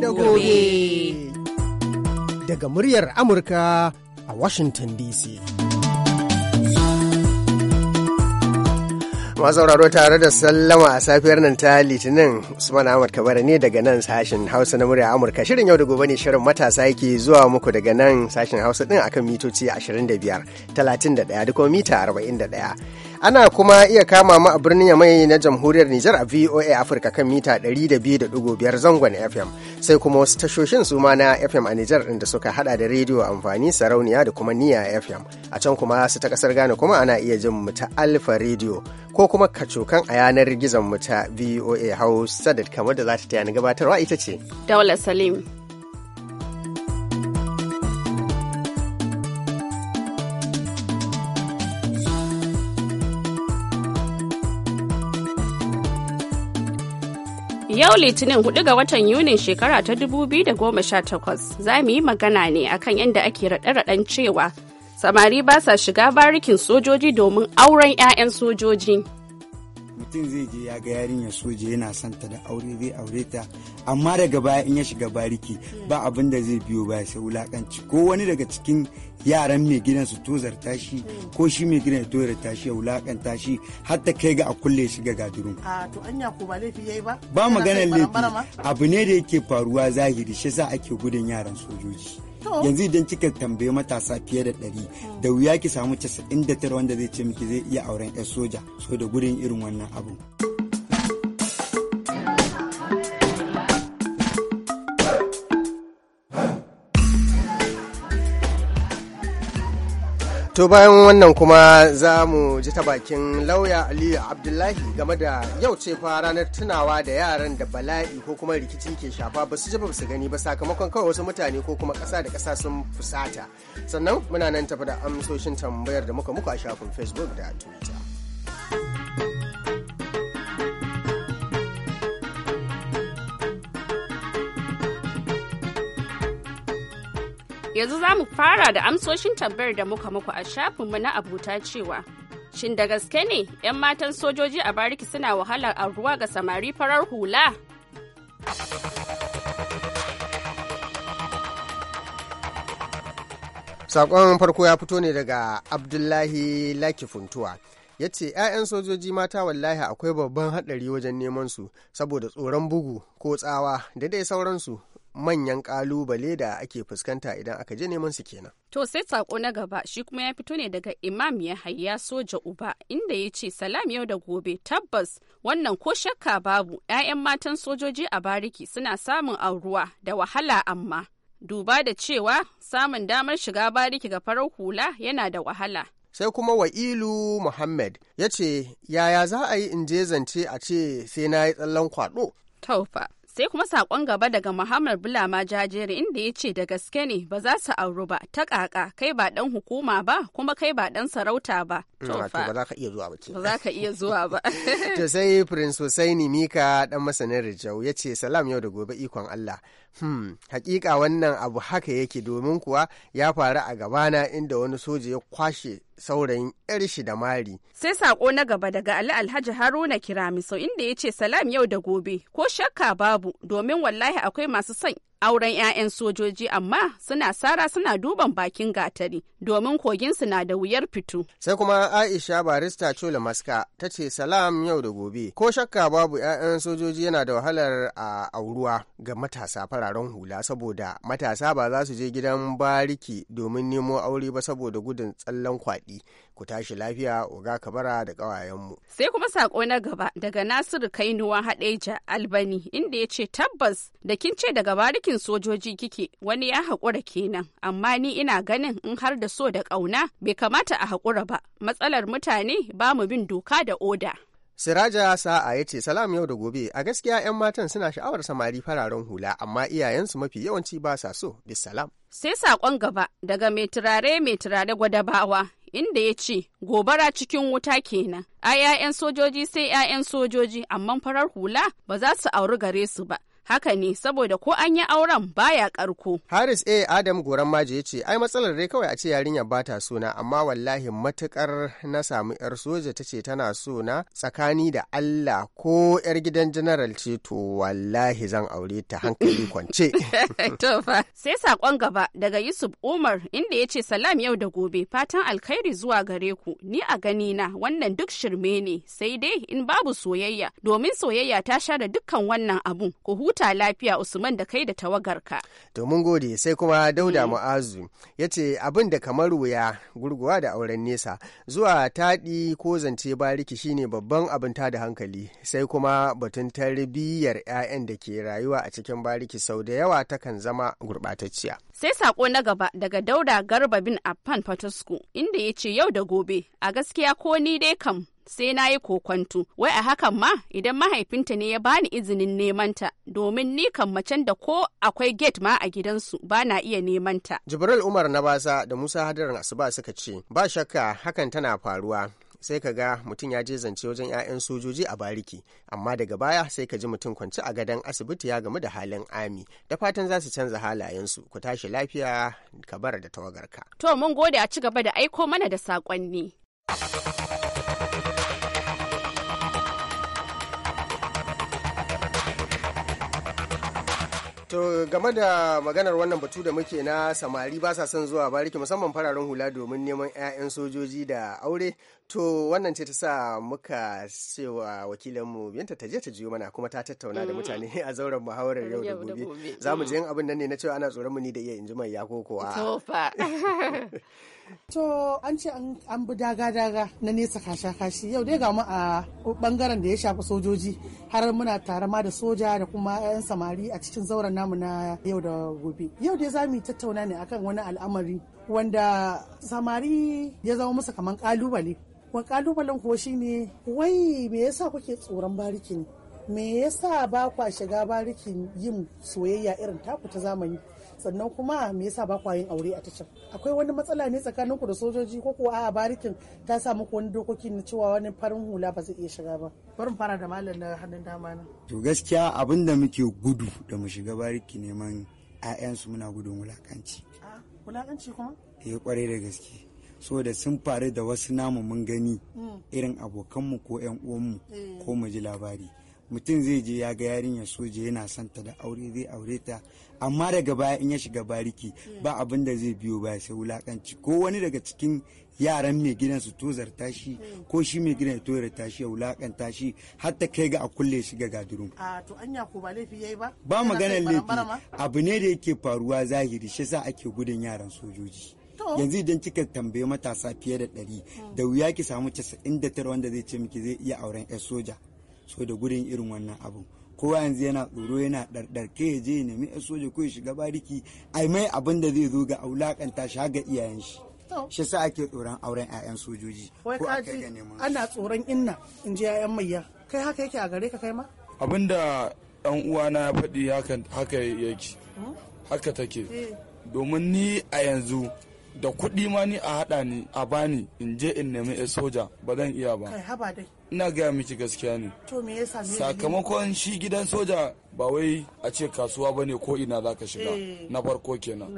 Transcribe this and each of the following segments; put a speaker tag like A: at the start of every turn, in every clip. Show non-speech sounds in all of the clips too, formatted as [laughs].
A: da gobe.
B: Daga muryar Amurka a Washington DC. sauraro tare da sallama a safiyar nan ta litinin usman ahmad kabara ne daga nan sashen hausa na murya amurka shirin yau da gobe ne shirin matasa yake zuwa muku daga nan sashen hausa din akan mitoci 25 31 da kuma mita 41 Ana kuma iya kama mu a birnin Yamai na Jamhuriyar Nijar a VOA Africa kan mita 200.5 zangon FM. Sai kuma wasu tashoshin su ma na FM a Nijar ɗin da suka hada da rediyo amfani sarauniya da kuma niya FM. A can kuma su ta kasar Ghana kuma ana iya jin mu ta Alfa Radio ko kuma kacokan a yanar gizon mu ta VOA Hausa da kamar da za ta gabatarwa ita ce.
C: Dawla Salim. Yau Litinin 4 ga watan Yunin shekara ta 2018 za mu yi magana ne akan yadda ake raɗe-raɗen cewa samari ba sa shiga barikin sojoji domin auren 'ya'yan sojoji.
D: mutum zai je ya ga yarinyar soja yana son ta da aure zai aure ta amma daga baya in ya shiga bariki ba abin da zai biyo baya sai wulakanci ko wani daga cikin yaran mai gidan su tozarta shi ko shi mai gidan ya tozarta shi ya wulakanta shi har ta kai ga a kulle shi ga gadirin.
E: a to anya ko ba laifi yayi ba. ba maganar laifi
D: abu ne da yake faruwa zahiri shi yasa ake gudun yaran sojoji. yanzu idan kika tambayi matasa fiye da ɗari hmm. da wuya ki samu casa'in da tara wanda zai ce miki zai iya auren 'yar soja so da gurin irin wannan abu.
B: To bayan wannan kuma za mu ji ta bakin lauya Aliyu Abdullahi game da yau ce fa ranar tunawa da yaran da bala'i ko kuma rikici ke shafa ba su jaba ba su gani ba sakamakon kawai wasu mutane ko kuma ƙasa da ƙasa sun fusata. Sannan muna nan tafi da amsoshin tambayar da muka muku a shafin Facebook da Twitter.
C: Yanzu za mu fara da amsoshin tambayar da muka muku a shafinmu na abuta cewa Shin da gaske ne 'yan matan sojoji a bariki suna wahala a ruwa ga samari farar hula?
B: Sakon farko ya fito ne daga Abdullahi Laki Funtuwa. ya ce 'ya'yan sojoji mata wallahi akwai babban hadari wajen neman su saboda tsoron bugu ko tsawa da dai sauransu manyan kalubale da ake fuskanta idan aka je neman su kenan.
C: To sai sako na gaba shi kuma ya fito ne daga Imam ya hayya soja uba inda ya ce salam yau da gobe tabbas wannan ko shakka babu 'ya'yan matan sojoji a bariki suna samun auruwa da wahala amma duba da cewa samun damar shiga bariki ga farar hula yana da wahala.
B: sai kuma wa'ilu muhammad ya ce yaya za a yi in je zance a ce sai na yi tsallan
C: kwaɗo taufa sai kuma sakon gaba daga muhammad bulama jajiri inda ya ce da gaske ne ba za su auru ba ta kaka kai ba dan hukuma ba kuma kai ba dan sarauta ba mm, ba
B: za ka iya zuwa ba ba
C: za ka iya zuwa ba [laughs] to
B: sai prince husaini mika dan masanin rijau ya ce salam yau da gobe ikon allah hmm hakika wannan abu haka yake domin kuwa ya faru a gabana inda wani soja ya kwashe saurayin yar shi da mari.
C: Sai sako na gaba daga Ali Alhaji Haruna Kiramiso inda ya ce salam yau da gobe ko shakka babu domin wallahi akwai masu son auren 'ya'yan sojoji amma suna sara suna duban bakin gatari domin koginsu na da wuyar fito. Sai kuma
B: Aisha barista Chola Maska ta ce salam yau da gobe ko shakka babu 'ya'yan sojoji yana da wahalar a auruwa ga matasa fararen hula saboda matasa ba za su je gidan bariki domin nemo aure ba saboda gudun tsallan kwaɗi. ku tashi lafiya uga kabara da ƙawayenmu.
C: Sai kuma sako na gaba daga Nasiru Kainuwa Hadeja Albani inda ya ce tabbas da kin ce daga barikin sojoji kike wani ya haƙura kenan amma ni ina ganin in har da so da ƙauna bai kamata a haƙura ba matsalar mutane ba mu bin doka da oda.
B: Siraja sa'a ya ce salam yau da gobe a gaskiya 'yan matan suna sha'awar samari fararen hula amma iyayensu mafi yawanci ba sa so bisalam.
C: Sai saƙon gaba daga mai turare mai turare gwadabawa inda ya ce gobara cikin wuta kenan a 'ya'yan sojoji sai 'ya'yan sojoji amma farar hula ba za su auri gare su ba Haka ne saboda ko an yi auren baya karko. Haris A.
B: Adam Goran Maji ya ce ai matsalar dai kawai a ce yarinya ba ta suna amma wallahi matukar na samu yar soja ta ce tana sona tsakani da Allah ko yar gidan general ce to wallahi zan aure ta hankali [laughs] kwance.
C: [laughs] sai sakon gaba daga Yusuf Umar inda yace salam yau da gobe fatan alkhairi zuwa gare ku ni a gani na wannan duk shirme ne sai dai in babu soyayya domin soyayya ta sha da dukkan wannan abun ku huta huta lafiya Usman da kai da tawagarka.
B: domin gode sai kuma Dauda mm. Mu'azu ya ce abin da kamar wuya gurguwa da auren nesa zuwa taɗi ko zance bariki shine babban abin da hankali sai kuma batun tarbiyyar 'ya'yan da ke rayuwa a cikin bariki sau da yawa takan zama gurɓatacciya.
C: Sai sako na gaba daga Dauda Garba bin Affan Fatasku inda ya ce yau da gobe a gaskiya ko ni dai kam sai na yi kokwanto wai a hakan ma idan mahaifinta ne ya bani izinin nemanta domin ni kan macen da ko akwai gate ma a gidansu ba na iya nemanta.
B: jibril umar na basa da musa hadarin asuba suka ce ba shakka hakan tana faruwa sai ka ga mutum ya je zance wajen 'ya'yan sojoji a bariki amma daga baya sai ka ji mutum kwanci a gadon asibiti ya gamu da halin ami da fatan za su canza halayensu ku tashi lafiya ka bar da tawagarka
C: to mun gode a ci gaba da aiko mana da saƙonni.
B: To game da maganar wannan batu da muke na samari ba sa son zuwa bariki musamman fararen hula domin neman 'ya'yan sojoji da aure to wannan ce ta sa muka cewa wakilinmu binta ta je ta jiyo mana kuma ta tattauna da mm. mutane [laughs] a zauren muhawarar yau da gobe za mu mm. je abin nan ne na cewa ana tsoron mu ni da iya injimai ya ko kowa [laughs] [laughs]
E: To an ce an bi daga-daga na nesa kasha-kashi yau dai ga mu a bangaren da ya shafi sojoji har muna tare ma da soja da kuma 'yan samari a cikin zauren namu na yau da gobe. Yau dai za mu tattauna ne akan wani al'amari wanda samari ya zama masa kamar kalubale. Wa kalubalen kuwa shine wai me yasa kuke tsoron bariki ne? Me yasa ba kwa shiga bariki yin soyayya irin taku ta zamani? sannan kuma me yasa ba kwa yin aure a tashan akwai wani matsala ne tsakanin ku da sojoji ko kuwa a barikin ta sa muku wani dokoki na cewa wani farin hula ba zai iya shiga ba farin fara da malam na hannun dama na
D: to gaskiya abin da muke gudu da mu shiga bariki neman ayansu muna gudun wulakanci
E: wulakanci kuma
D: eh kwarai da gaske so da sun faru da wasu namu mun gani mm. irin abokanmu ko 'yan uwanmu eh. ko mu ji labari mutum zai je ya ga yarinyar soja yana santa da aure zai aure ta amma daga baya in ya shiga bariki ba abin da zai biyo ba sai wulakanci ko wani daga cikin yaran mai gidan su tozarta shi ko shi mai gidan ya tozarta shi ya wulakanta shi har kai ga a kulle shi ga gadurum
E: a to anya ko ba laifi yayi ba ba maganar laifi
D: abu ne da yake faruwa zahiri shi yasa ake gudun yaran sojoji yanzu idan kika tambaye matasa fiye da ɗari da wuya ki samu casa'in da tara wanda zai ce miki zai iya auren 'yar soja so da gudun irin wannan abin kowa yanzu yana tsoro yana ɗarɗarke ya je nemi yan soja ko ya shiga bariki ai mai abin da zai zo ga aulakanta shi ga iyayen shi shi sa ake tsoron auren 'ya'yan sojoji ko a kai ga neman
E: ana tsoron inna in ji 'ya'yan mayya kai haka yake a gare ka kai ma
F: abin da ɗan na ya faɗi haka yake hmm? haka take eh. domin ni a yanzu da kuɗi ma ni a haɗa ni a bani in je in nemi soja ba zan iya ba kai haba dai ina gaya miki gaskiya ne
E: sakamakon
F: shi gidan soja ba wai a ce kasuwa ba ne ko ina za ka shiga eh. na farko kenan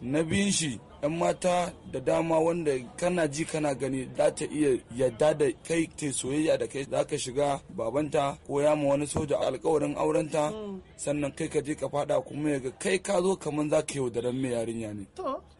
F: na biyun shi 'yan mata da dama wanda kana ji kana gani za ta iya yadda da kai te soyayya da kai za ka shiga babanta ko ya ma wani soja a alkawarin aurenta mm. sannan kai ka je ka fada kuma ya ga kai ka zo kamar za ka yaudaran mai yarinya ne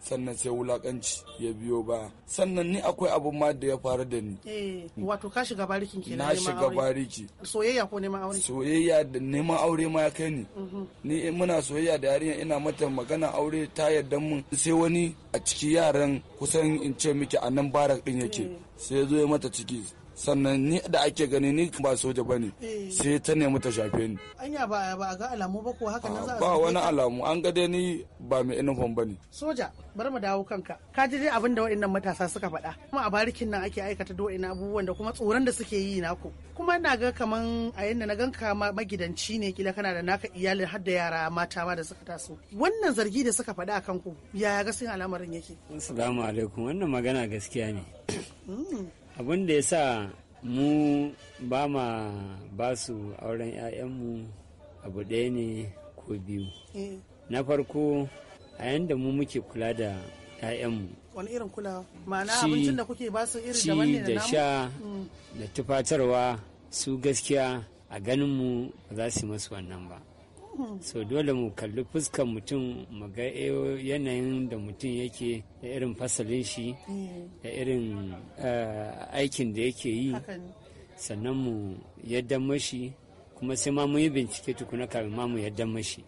F: sannan sai wulakanci ya biyo ba sannan ni akwai abun ma da ya faru da ni eh, wato ka shiga barikin ke na shiga bariki
E: soyayya ko neman aure
F: soyayya da neman aure ma ya kai ni mhm. ni muna soyayya da yarinya ina mata magana aure ta yarda mun sai wani a ciki yaran kusan in ce miki a nan barak din yake eh. sai ya zo ya mata ciki sannan ni da ake gani ni ba soja bane eh. sai ta nemi ta shafe ni
E: anya ba ba ga alamu ba ko haka nan za a ba wani
F: alamu an ga dai ni ba mai uniform bane
E: soja bari mu dawo kanka ka ji dai abin da waɗannan matasa suka faɗa kuma a barikin nan ake aikata do ina abubuwan da kuma tsoron da suke yi naku kuma ina ga kaman a yanda na ganka magidanci ne kila kana da naka iyalin har da yara mata ma da suka taso wannan zargi da suka faɗa akan ku yaya ga sun al'amarin yake
G: assalamu alaikum wannan magana gaskiya ne mm. abin da ya sa mu ba ma ba su auren 'ya'yanmu abu ɗaya ne ko biyu eh. na farko a yadda mu muke kula da 'ya'yanmu
E: wani irin kula ma'ana abincin da kuke ba su irin da sha mm.
G: da tufatarwa su gaskiya a ganinmu ba za su yi masu wannan ba so dole mu kalli fuskan mutum mu ga eh, yanayin da mutum yake da irin fasalin shi da irin eh, aikin da yake yi sannan mu yadda mashi kuma sai ma muyi yi bincike tukuna kafin ma mu yadda mashi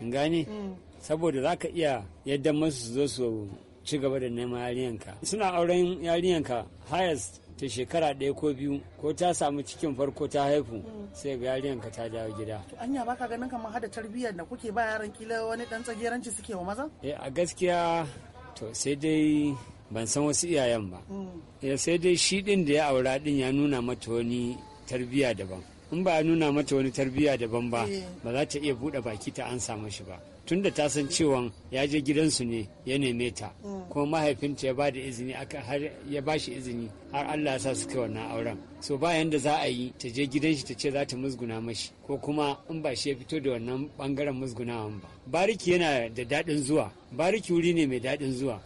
G: in gane mm. saboda za ka iya yadda masu zo su ci gaba da neman yarinyanka suna auren yarinyanka highest ta shekara ɗaya ko biyu ko ta samu cikin farko ta haifu mm. sai ga yarinyar ka ta dawo gida. To
E: anya baka ganin kamar hada tarbiyyar da kuke ba yaran kila wani dan tsageranci suke wa maza?
G: Eh a gaskiya to sai dai ban san wasu iyayen ba. Ya mm. eh, sai dai shi ɗin da ya aura din ya nuna mata wani tarbiyya daban. In ba ya nuna mata wani tarbiyya daban ba eh. ba za ta iya buɗe baki ta an samu shi ba. tunda ta san cewa ya je gidansu ne ya neme ta hmm. kuma mahaifinta ya ba da izini har ya ba shi izini har Allah ya sa su kai wannan auren so bayan da za a yi ta je gidan shi ta ce za ta musguna mashi ko kuma in ba shi ya fito da wannan bangaren musgunawan ba bariki yana da daɗin zuwa bariki wuri ne mai daɗin zuwa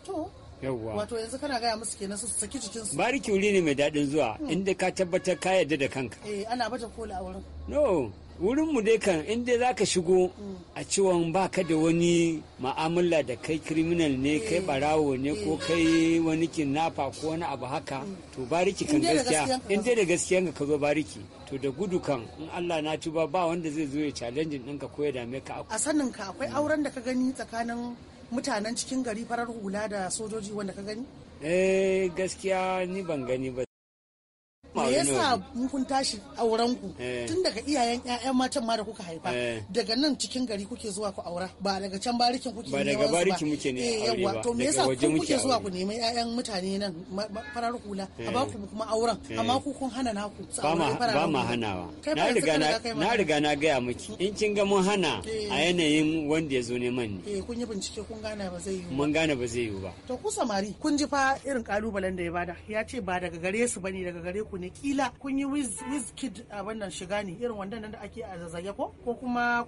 G: yawwa wato
E: yanzu kana gaya musu kenan su saki cikin su
G: bariki wuri ne mai daɗin zuwa hmm. inda ka tabbatar ka yarda da kanka
E: eh ana bata kola a wurin
G: no wurinmu dai kan in dai ka shigo a ciwon ba ka da wani ma'amala da kai criminal ne kai barawo eh. ne eh. ko kai wani kinnafa ko wani abu haka mm. to bariki kan gaskiya in dai da gaskiyan ka zo bariki to da gudu kan in Allah na tuba ba wanda zai zo ya challenge ɗinka ko ya dame ka a
E: sanin ka akwai auren da ka gani tsakanin mutanen cikin gari farar hula da sojoji wanda ka gani
G: eh gaskiya ni ban gani ba Me ne yasa
E: mu kun tashi auren ku eh. tun daga iyayen ƴaƴan matan ma da kuka haifa eh. daga nan cikin gari kuke zuwa ku aura ba daga can barikin kuke ba daga barikin muke ne eh, aure ba to me yasa kun kuke zuwa ku nemi ƴaƴan mutane nan farar hula a ba ku kuma
G: auren amma ku
E: kun hana naku ba ma hanawa
G: na riga na riga na gaya miki in kin ga mun hana a yanayin wanda ya zo neman
E: ne eh kun yi bincike kun gana ba zai yiwu mun
G: gane ba zai yiwu ba
E: to ku samari kun ji fa irin kalubalen da ya bada ya ce ba daga gare su bane daga gare ku ne kila kun yi wizkid a wannan shiga ne irin wannan da ake a zazzage ko ko kuma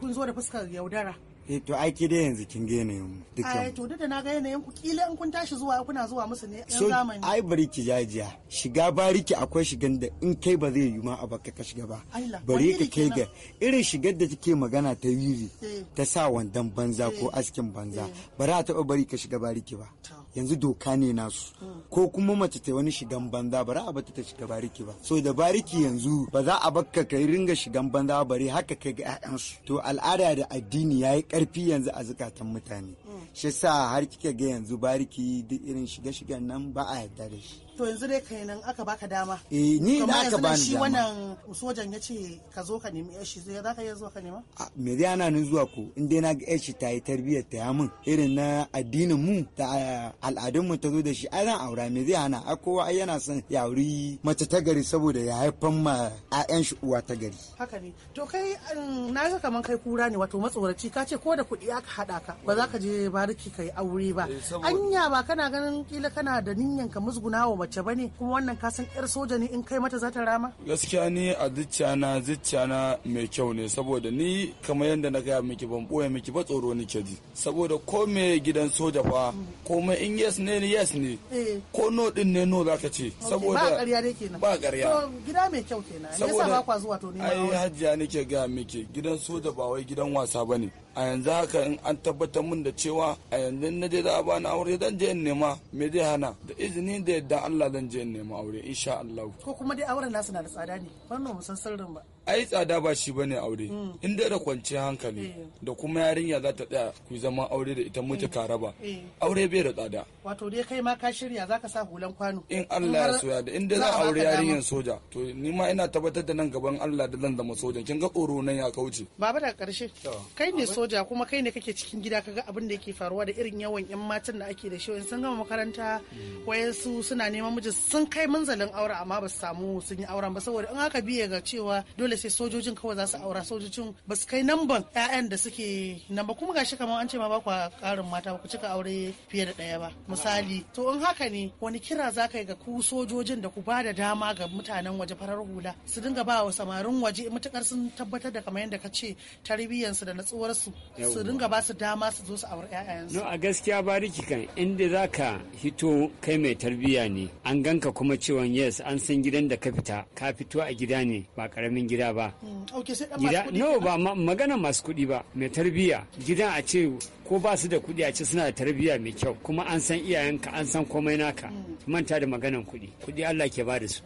E: kun zo da fuskar yaudara
D: eh to aiki ke dai yanzu kin ga yanayin mu dukkan ai to
E: duk da na ga yanayin ku kila in kun tashi zuwa kuna zuwa musu ne yan zamani
D: ai bari ki jajiya shiga bariki akwai shigan da in kai ba zai yi ma a baka ka shiga ba bari ka kai ga irin shigar da take magana ta yiri eh. ta sa wandan banza ko eh. askin banza eh. ba za taba bari ka shiga bariki ba yanzu doka ne nasu ko kuma mace ta wani shigan banza za a bata ta shiga bariki ba so da bariki yanzu ba za a bakka ka ringa shigan banza bare haka kai ga 'ya'yansu to al'ada da addini yayi karfi yanzu a zukatan mutane shi sa har kika ga yanzu bariki duk irin shiga-shigan nan ba a yarda da shi
E: to yanzu dai kai nan aka baka dama
D: eh ni da aka bani dama shi
E: wannan sojan ya ce ka zo ka nemi yashi zai za ka iya zuwa ka nema
D: me dai ana nan zuwa ko in dai na ga yashi ta yi tarbiyyar ta min irin na addinin mu da al'adun mu ta zo da shi ai zan aura me zai hana a kowa ai yana son ya auri mace ta gari saboda ya haifan ma 'ya'yan shi uwa ta gari
E: haka ne to kai um, na ga kaman kai kura ne wato matsoraci ka ce ko da kuɗi aka haɗa ka ba za ka je bariki kai aure ba eh, anya ba kana ganin kila kana da niyyar ka musguna wa mace ba ne kuma wannan kasan yar soja ne in kai mata za ta rama
F: gaskiya ni a zuciyana na mai kyau ne saboda ni kamar yadda na gaya miki ban boye miki ba tsoro ke ji saboda ko me gidan soja fa ko me in yes ne yes ne eh. ko no din ne no zaka ce saboda ba ƙarya
E: ne kenan ba ƙarya to gida mai kyau kenan yasa ba kwa zuwa to ne ai
F: hajjia nake ga miki gidan soja ba wai gidan wasa bane a yanzu haka in an tabbatar min da cewa a yanzu na je za a bani aure zan je in nema me zai hana da izini da yadda Allah zan je in nema aure insha Allah
E: ko kuma dai auren nasu na da tsada ne wannan musan sirrin ba
F: ai tsada ba shi bane aure mm. in dai da kwanciyar hankali eh. da kuma yarinya za ta tsaya ku zama aure da ita mutu eh. raba eh. aure bai da tsada
E: wato dai kai ma ka shirya za ka sa hulan kwano in Allah ya soya
F: da in dai za aure yarinyar soja to ni ma ina tabbatar da nan gaban Allah da zan zama soja kin ga tsoro nan ya kauce
E: baba da karshe kai ne soja kuma kai ne kake cikin gida kaga abin da yake faruwa da irin yawan yan matan da ake da shi sun gama makaranta mm. wayansu suna neman miji sun kai manzalin aure amma ba su samu sun yi auren ba saboda in aka biye ga cewa dole dole sai sojojin kawai za su aura sojojin ba su kai namban 'ya'yan da suke nan ba kuma gashi kamar an ce ma ba ku karin mata ba ku cika aure fiye da ɗaya ba misali to in haka ne wani kira za ka yi ga ku sojojin da ku ba da dama ga mutanen waje farar hula su dinga ba wa samarin waje matukar sun tabbatar da kamar yadda ka ce tarbiyyansu da natsuwarsu su dinga ba su dama su zo su aure 'ya'yansu. a
G: gaskiya bariki kan inda za ka hito kai mai tarbiyya ne an ganka kuma cewa yes an san gidan da ka fita ka fito a gida ne ba karamin gida gida ba
E: mm, gida no
G: ba magana masu kuɗi ba mai tarbiyya gidan a ce ko ba su da kuɗi a ce suna da tarbiyya mai kyau kuma an san iyayenka an san komai naka mm. manta da maganan kuɗi kuɗi Allah ke ba da su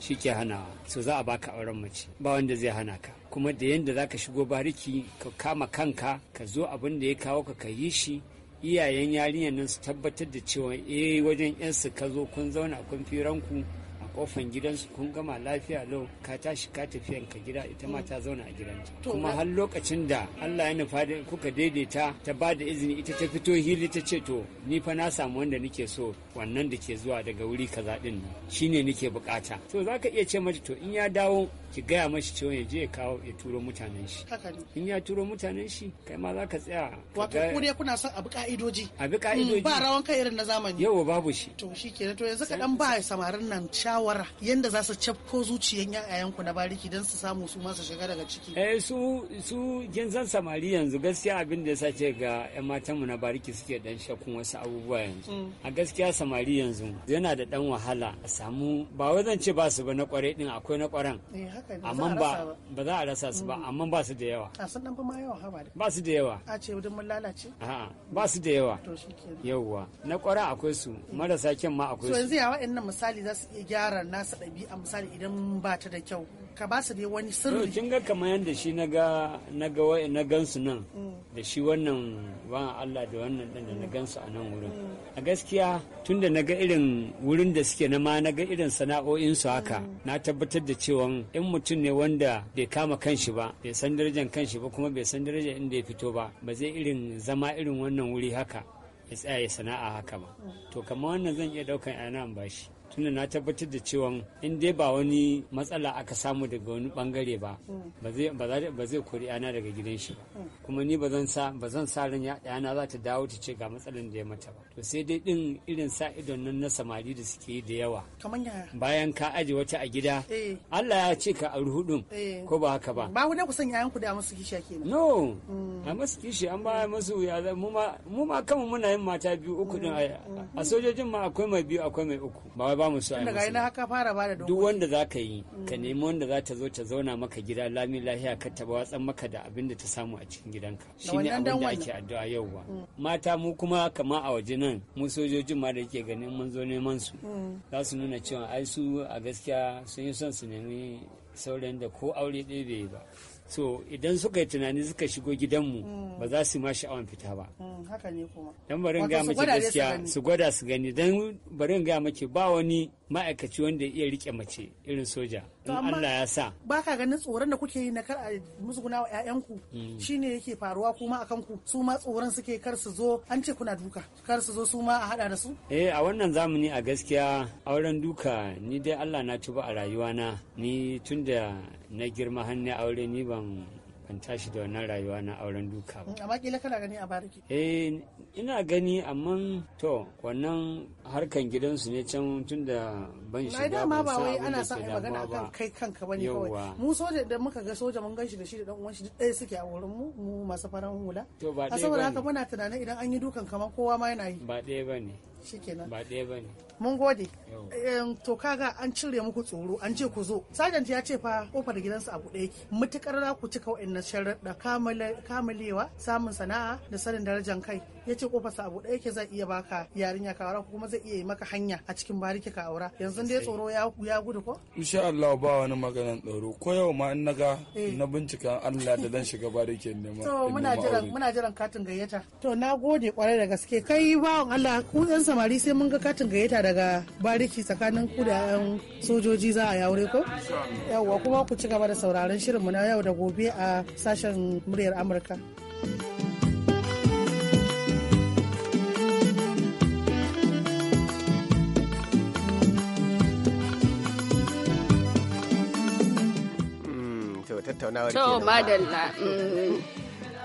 G: shi ke hanawa so za a baka auren mace ba wanda zai hana ka kuma da yadda za ka shigo bariki ka kama kanka ka zo abin da ya kawo ka ka yi shi iyayen yarinyar nan su tabbatar da cewa eh wajen yansu ka zo kun zauna kun firanku gidan gidansu kun gama lafiya lau ka tashi ka tafiyan ka gida ita ma ta zauna a gidanta kuma har lokacin da Allah ya nufa da kuka daidaita ta ba da izini ita ta fito hili ta ce to ni fa na samu wanda nake so wannan da ke zuwa daga wuri kaza din nan shine nake bukata to zaka iya ce mata to in ya dawo ki gaya mashi cewa ya je ya kawo ya turo mutanen shi in ya turo mutanen shi kai ma za ka tsaya wato ku ne
E: kuna son abu ka'idoji
G: abu hmm, ka'idoji ba rawan kai irin na zamani yau babu shi
E: to shi ke to yanzu ka dan ba samarin nan shawara yanda za su cafko zuciyan yayan ku na bariki dan su samu su ma su shiga daga ciki
G: eh su su jinzan samari yanzu gaskiya abin da ya sace ga ƴan matan mu na bariki suke dan shakun wasu abubuwa yanzu hmm. a gaskiya samari yanzu yana da dan wahala a samu ba wai zan ce ba su ba na kwarai din akwai na kwaran eh, amma ba ba za a rasa su ba mm. amma ba su da yawa
E: a sun dan ma yawa haba
G: ba su da yawa
E: a ce wajen mun lalace
G: a'a ba su da yawa to shikenan yawa na kwara akwai su mm. marasa kyan ma akwai su so yanzu
E: ya wa'annan misali za su iya gyara nasa dabi'a misali idan ba ta da kyau ka ba su dai wani sirri
G: kin ga kamar yadda shi na ga na na gansu nan mm. da shi wannan ba Allah da wannan din da na mm. gansu a nan wurin mm. a gaskiya tunda na ga irin wurin da suke na ma na ga irin sana'o'insu haka na tabbatar da cewa in mutum ne wanda bai kama kanshi ba bai san darajar kanshi ba kuma bai san darajar inda ya fito ba ba zai irin zama irin wannan wuri haka ya tsaya ya sana'a haka ba to kamar wannan zan iya daukan ana bashi tunda na tabbatar da cewa in dai ba wani matsala aka samu daga wani bangare ba ba zai kori yana daga gidan shi ba kuma ni ba zan sa ba zan sa ran yana za ta dawo ta ce ga matsalan da ya mata ba to sai dai din irin sa idon nan na samari da suke yi da yawa bayan ka aje wata a gida eh. Allah ya ce ka auri hudun eh. ko ba haka ba ba wani san yayan ku da musu kishiya kenan no mm. a musu kishi an ba musu ya mu ma kanmu muna yin mata biyu uku din a mm, mm, sojojin ma akwai mai biyu akwai mai uku ba ba mu fara ba da duk wanda za ka yi ka nemi wanda za ta zo ta zauna maka gida lami lahiya ka taba watsan maka da abin da ta samu a cikin gidanka shine abin da ake addu'a yau ba mm. mata mu kuma kama a waje nan mu sojojin ma da yake ganin mun zo neman su mm. za su nuna cewa ai su a gaskiya sun yi son su nemi sauran da ko aure ɗaya bai ba so idan suka yi tunani suka shigo gidanmu mm. ba za su ma sha'awan fita ba
E: mm, haka ne kuma
G: dan bari ga gaskiya su gwada su gani dan bari ga mace ba wani ma'aikaci wanda iya rike mace irin soja in Allah ya sa
E: ba ka ganin tsoron da kuke yi na kar a musguna wa ƴaƴanku mm. shine yake faruwa kuma akan ku su ma tsoron suke kar su zo an ce kuna duka kar su zo su ma a hada da su
G: eh a wannan zamani a gaskiya auren duka ni dai Allah na tuba a rayuwana ni tunda na girma hannu aure ni ban ban tashi da wannan rayuwa na auren duka ba.
E: Amma kila kana gani a bariki?
G: Eh ina gani amma to wannan harkan gidansu ne can tun da ban shiga ban ma ba wai ana son ai magana akan kai kanka bane kawai.
E: Mu soja da muka ga soja mun gan shi da shi da dan uwan shi duk ɗaya suke a wurin mu mu masu farar hula. To ba ɗaya bane. Saboda haka muna tunanin idan an yi dukan kamar kowa ma yana
G: yi. Ba ɗaya bane. shikenan ba bane
E: mun gode to kaga an cire muku tsoro an ce ku zo sergeant ya ce fa kofar gidansa abu ɗaya yake mutukar za ku cika wa'annan sharaɗa kamalewa samun sana'a da sanin darajar kai ya ce kofarsa abu ɗaya ke zai iya baka yarinya ka aura kuma zai iya yi maka hanya a cikin bariki ka aura yanzu dai tsoro ya ya gudu ko
F: insha Allah ba wani maganan tsoro ko yau ma in naga eh. na bincika Allah da zan shiga bariki ke nema [laughs] to muna jiran
E: muna jiran katin gayyata to na gode kwarai da gaske kai bawon Allah ku yan samari sai mun ga katin gayyata daga bariki tsakanin ku da yan sojoji za a yaure ko yawwa kuma ku ci gaba da sauraron shirinmu na yau da gobe a sashen muryar Amurka. thank you
B: tattaunawar to
C: madalla mm.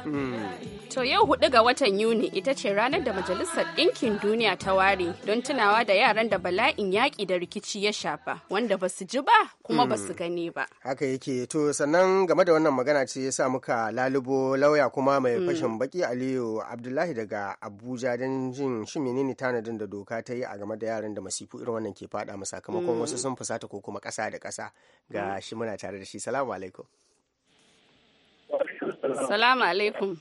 C: Mm. To yau hudu ga watan Yuni ita ce ranar da Majalisar Ɗinkin Duniya ta ware don tunawa da yaran da bala'in yaƙi da rikici ya shafa wanda ba su ji ba kuma ba su mm. gani ba.
B: Haka yake to sannan game da wannan magana ce ya sa muka lalubo lauya kuma mai fashin baki Aliyu Abdullahi daga Abuja don jin shi menene tanadin da doka ta yi a game da yaran da masifu irin wannan ke fada mu sakamakon wasu sun fusata ko kuma ƙasa da ƙasa ga shi muna tare da shi. Salamu alaikum.
C: Salamu alaikum.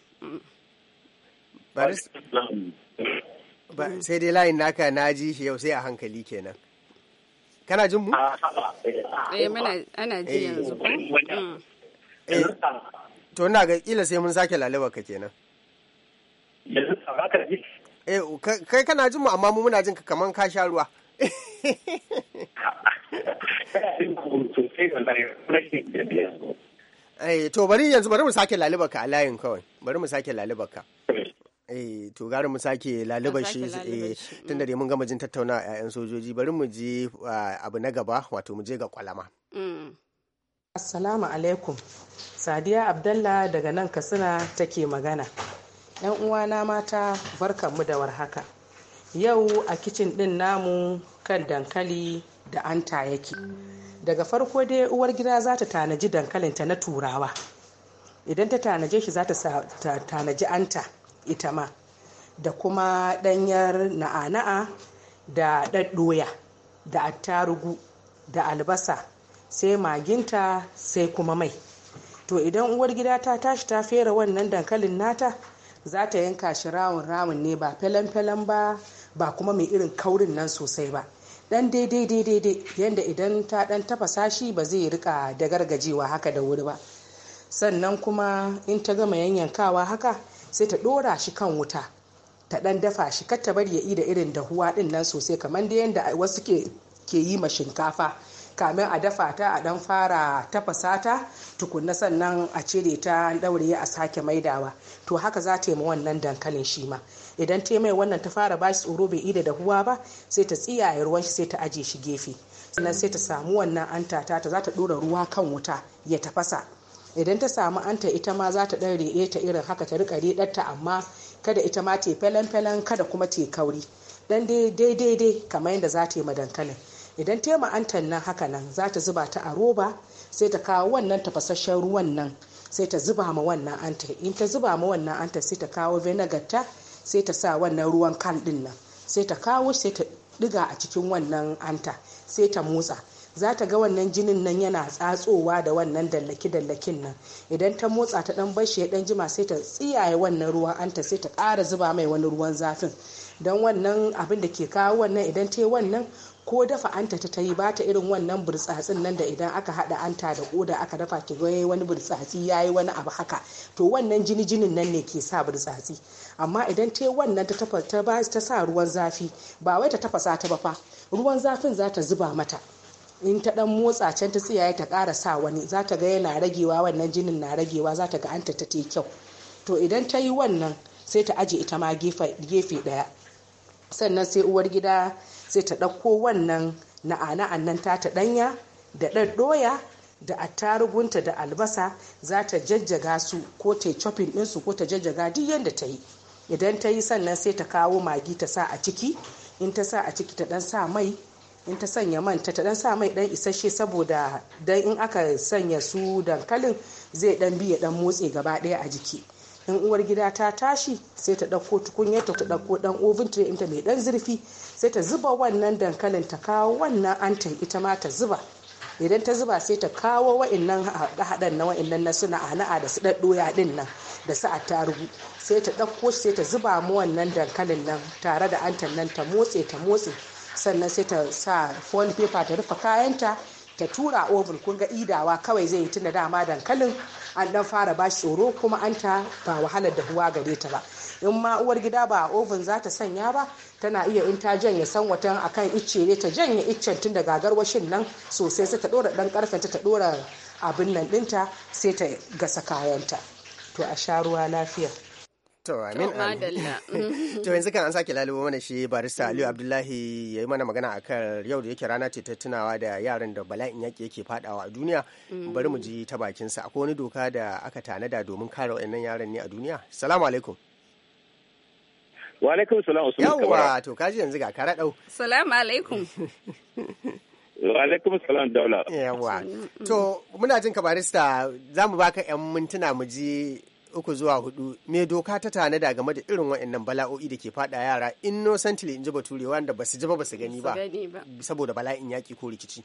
B: Sai dai layin naka na ji shi yau sai a hankali kenan. Kana jin mu? Eh
C: ana ji eh. yanzu. Eh.
B: To ina ga ila sai mun sake lalabar ka kenan. Eh kai kana jin mu amma mu muna jin ka kaman ka sha ruwa. Eh, to bari yanzu bari mu sake lalubar ka a layin kawai. Bari mu sake lalubar ka. eh to gari mu sake lalubar shi eh mm. tunda dai mun gama jin tattauna yayan sojoji bari mu je abu na gaba wato mu
A: je ga kwalama mm. assalamu alaikum sadiya abdalla daga nan katsina take magana yan uwana mata mu da warhaka yau a kicin din namu kan dankali da anta yake daga farko dai uwar gida za ta tanaji dankalinta na turawa idan ta tanaje shi za ta tanaji anta ita ma da kuma ɗanyar naa da ɗaɗɗoya da attarugu da albasa sai maginta sai kuma mai to idan uwar gida ta tashi ta fera wannan dankalin nata za ta yanka shi rawun rawun ne ba felen-felen ba ba kuma mai irin kaurin nan sosai ba dan daidai daidai yadda idan ta dan tafasa shi ba zai rika da gargajewa haka da wuri ba sannan kuma in ta gama yanyankawa haka sai ta dora shi kan wuta ta dan dafa shi kar ta bari ya da irin dahuwa din nan sosai kamar da yadda wasu ke yi ma shinkafa kamin a dafa ta a dan fara tafasa ta tukunna sannan a cire ta daure a sake maidawa to haka za ta yi ma wannan dankalin shi ma idan ta mai wannan ta fara bashi tsoro bai ida da huwa ba sai ta tsiyaye ruwan shi sai ta aje shi gefe sannan sai ta samu wannan anta ta ta za ta dora ruwa kan wuta ya tafasa idan ta samu anta ita ma za ta dan reɗe ta irin haka ta rika ta amma kada ita ma te felen felen kada kuma te kauri dan dai kamar yadda za ta yi ma dankalin idan ta ma'antar nan haka nan za ta zuba ta a roba sai ta kawo wannan tafasasshen ruwan nan sai ta zuba ma wannan anta in ta zuba ma wannan anta sai ta kawo vinegar ta sai ta sa wannan ruwan kan din nan sai ta kawo sai ta diga a cikin wannan anta sai ta motsa za ta ga wannan jinin nan yana tsatsowa da wannan dallaki dallakin nan idan ta motsa ta dan bashi ya dan jima sai ta tsiyaye wannan ruwan anta sai ta ƙara zuba mai wani ruwan zafin don wannan abin da ke kawo wannan idan ta yi wannan ko dafa anta ta yi ba ta irin wannan burtsatsin nan da idan aka haɗa anta da koda aka dafa ki ga wani burtsatsi yayi wani abu haka to wannan jini jinin nan ne ke sa burtsatsi amma idan ta wannan ta ta ba ta sa ruwan zafi ba wai ta tafasa ta ba fa ruwan zafin za ta zuba mata in ta dan motsa can ta tsiyaye ta ƙara sa wani za ta ga yana ragewa wannan jinin na ragewa za ta ga anta ta ta kyau to idan ta yi wannan sai ta aje ita ma gefe daya sannan sai uwar gida sai ta ɗauko wannan na'ana'an nan ta ta ɗanya da ɗan doya da attarugunta da albasa za ta jajjaga su ko ta chopping ɗinsu ko ta jajjaga duk yadda ta yi idan ta yi sannan sai ta kawo magi ta sa a ciki in ta sa a ciki ta ɗan sa mai in ta sanya manta ta ɗan sa mai ɗan isasshe saboda dan in aka sanya su dankalin zai ɗan biya ɗan motse gaba ɗaya a jiki in uwar gida ta tashi sai ta ɗauko tukunya ta ɗauko dan ovin tray inta mai dan zurfi sai ta zuba wannan dankalin ta kawo wannan antan ita ma ta zuba idan ta zuba sai ta kawo wa'annan haɗe-haɗen na wa'annan na suna na'a da su ɗanɗoya ɗin nan da su attarugu sai ta ɗauko sai ta zuba mu wannan dankalin nan tare da antan nan ta motse ta motse sannan sai ta sa foil paper ta rufe kayanta ta tura oven kun ga idawa kawai zai yi tunda dama dankalin an dan fara ba tsoro kuma an ta ba wahalar dahuwa gare ta ba in ma uwar gida ba a oven za ta sanya ba tana iya in ta janye san watan akan icce ne ta janye iccen tun da garwashin nan sosai sai ta dora dan karfen ta dora abin nan dinta sai ta gasa kayanta to a sha ruwa lafiya To amin um,
B: [laughs]
A: To yanzu kan an sake lalubo
B: mana shi barista Aliyu mm. Abdullahi ya yi mana magana a kan yau da yake rana ce ta tunawa da yaran da bala'in yaƙi yake fadawa a duniya mm. bari mu ji ta bakinsa akwai wani doka da aka tanada domin kare waɗannan yaran ne a duniya. Salamu alaikum. Wa alaikum salam Usman Yawwa to kaji yanzu ga kara dau.
C: Salamu alaikum.
B: [laughs] Wa alaikum salam daula. Yawwa. Mm, to muna jin ka barista za mu baka 'yan mintuna mu ji uku zuwa hudu me doka ta tanada game da irin wa'annan bala'o'i da ke fada yara innocently in ji bature wanda ba su ji ba ba su gani ba saboda bala'in yaƙi ko rikici.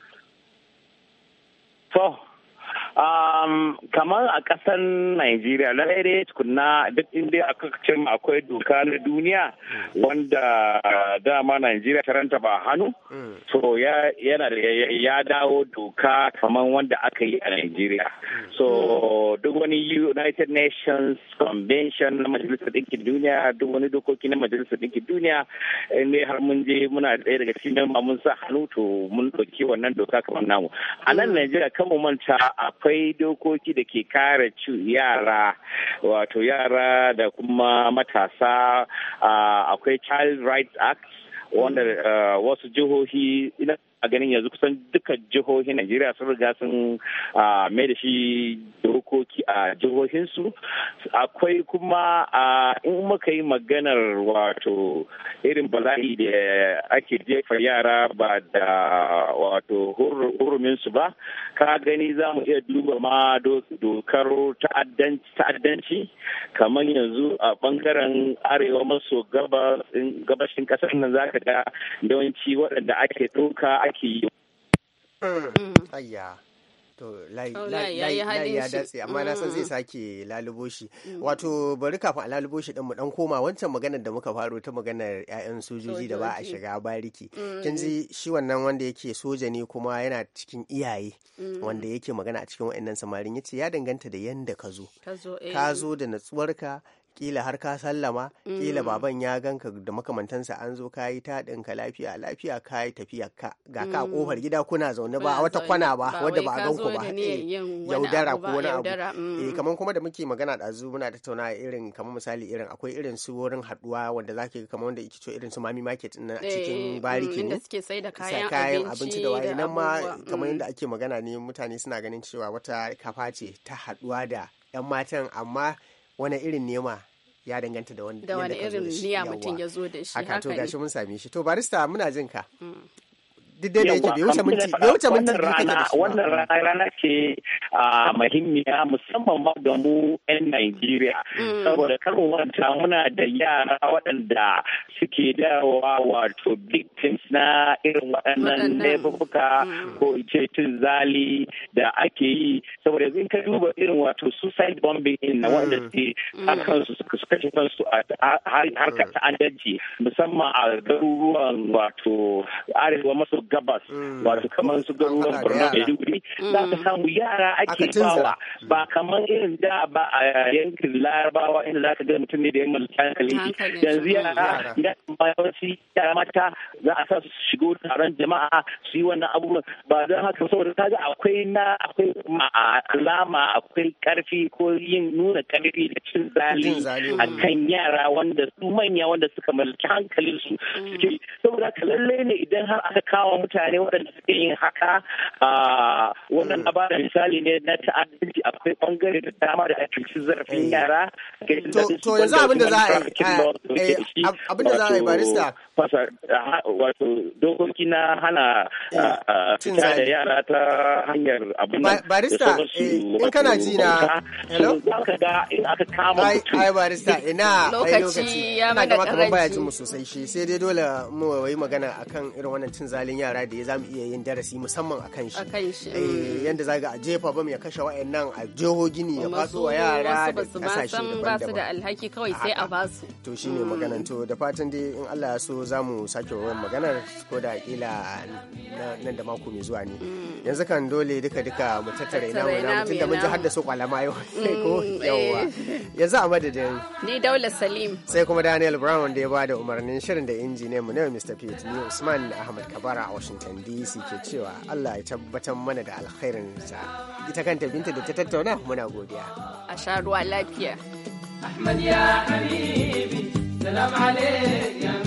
H: Um, kamar a ƙasar Najeriya lalai dai tukunna duk inda aka ce akwai doka na duniya wanda uh, dama Najeriya taranta ba hannu so ya yana ya dawo doka kamar wanda aka yi a Najeriya so duk wani United Nations Convention na Majalisar Ɗinkin Duniya duk wani dokoki na Majalisar Ɗinkin Duniya ne har mun je muna ɗaya daga cikin mun sa hannu to mun ɗauki wannan doka kamar namu a nan Najeriya kan mu manta a akwai dokoki da ke kare yara wato yara da kuma matasa ah, akwai child rights act wanda mm. ah, wasu jihohi a ganin yanzu kusan duka jihohin Najeriya sun riga sun mai da shi dokoki a jihohinsu akwai kuma in muka yi maganar wato irin bala'i da ake jefa yara ba da wato huruminsu ba ka gani za mu iya duba ma dokar ta'addanci kamar yanzu a bangaren arewa maso gabashin kasar nan za ka ga yawanci waɗanda ake ɗauka ake yi
A: mm. Mm.
B: ayya to layi oh, ya datse amma na san zai mm. sake lalubo shi wato bari kafin a lalubo shi din mu dan koma wancan maganar da muka faro ta maganar 'ya'yan sojoji da ba a shiga bariki kin ji shi wannan wanda yake soja ne kuma yana cikin iyaye wanda yake magana a cikin wa'annan samarin yace ya danganta da yanda ka zo ka zo eh. da natsuwarka kila har ka sallama kila mm. baban ya ganka da makamantansa an zo kayi taɗin ka lafiya lafiya kayi tafiya ka ga ka kofar mm. gida kuna zaune ba wata kwana ba wadda ba a ku ba eh,
A: yaudara ko wani abu mm. eh
B: kaman kuma da muke magana da zu muna tattauna irin kamar misali irin akwai irin su wurin haduwa wanda zaki ga kamar wanda yake cewa irin su mami market din a cikin eh, bariki ne suke
C: sai da kayan abinci da waye nan ma kamar yadda
B: ake magana ne mutane suna ganin cewa wata kafa ce ta haduwa da 'yan matan amma wani irin nema ya danganta da wani irin niya mutum ya
C: zo da shi haka to gashi
B: mun same shi to barista muna jin ka mm. duk dai da yake bai wuce minti bai wuce minti rana wannan rana
H: rana ce muhimmiya musamman ma ga mu yan Najeriya mm. saboda kar mu muna da yara waɗanda suke dawowa wato victims na irin waɗannan laifuka mm. ko ce zali da ake yi saboda yanzu ka duba irin wato suicide bombing in na wanda mm. suke akan su suka kashe kansu a harkar ta'addanci musamman a garuruwan wato arewa maso gabas mm. wato kamar su garuruwan birnin maiduguri za ka mm. samu yara ake bawa ba kamar irin da ba a yankin larabawa inda za ka ga mutum ne da ya mallaki hankali yanzu yara mm, ya yawanci yara mata za a sa su shigo taron jama'a su yi wannan abubuwa ba don haka saboda ga akwai na akwai alama akwai karfi ko yin nuna karfi da cin zali a kan yara wanda su manya wanda suka mallaki hankalin su suke saboda haka lallai ne idan har aka kawo kuma mutane waɗanda suke yin haka a wannan na bada misali ne na ta'addanci akwai bangare da dama da ake cin zarafin eh. yara to yanzu abin da za a yi abin da za a yi barista wato dokoki na hana eh, fita da yara ta
B: hanyar abin barista eh, in kana ji na hello ka ga in aka kama ai barista ina lokaci ya mana kamar baya jin mu sosai shi sai dai dole mu yi magana akan irin wannan cin zalin yara da ya zamu iya yin darasi musamman a kan
C: shi
B: eh, yadda za ga a jefa bam ya kashe wa'annan a jeho gini ya faso wa yara da kasashe daban-daban su da
C: alhaki kawai sai a basu
B: to shine hmm. maganan to da fatan dai in Allah ya so zamu sake wannan maganar ko da kila nan da mako mai zuwa ne hmm. yanzu kan dole duka-duka mu tattara ina mu na da mun ji har da su kwalama yau [laughs] ko hmm, eh. yawa yanzu a madadin
C: ni daula salim
B: sai kuma daniel brown da ya bada umarnin shirin da injiniyan mu ne mr pete ni usman ahmad kabara washington dc ke cewa allah ya tabbatar mana da alkhairin sa ita kanta binta da ta tattauna muna godiya
C: a sha ruwa lafiya ahmad ya habibi salam alaikum